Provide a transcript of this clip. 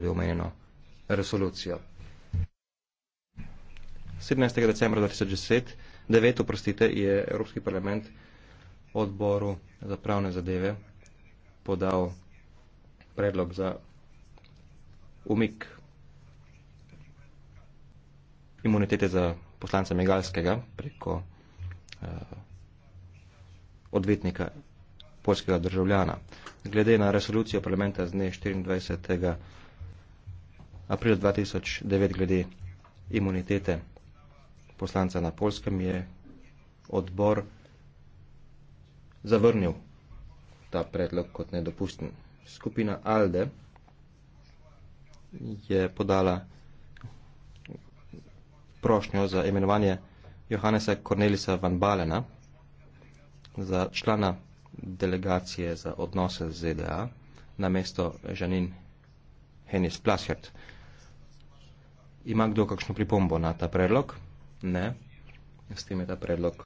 že omenjeno resolucijo. 17. decembra 2010, 9. oprostite, je Evropski parlament odboru za pravne zadeve podal predlog za umik imunitete za poslanca Megalskega preko eh, odvetnika poljskega državljana. Glede na resolucijo parlamenta z dne 24 aprila 2009 glede imunitete poslanca na Polskem je odbor zavrnil ta predlog kot nedopusten. Skupina ALDE je podala prošnjo za imenovanje Johannesa Cornelisa Van Balena za člana delegacije za odnose z ZDA na mesto Janin Henis Plashert. Ima kdo kakšno pripombo na ta predlog? Ne. S tem je ta predlog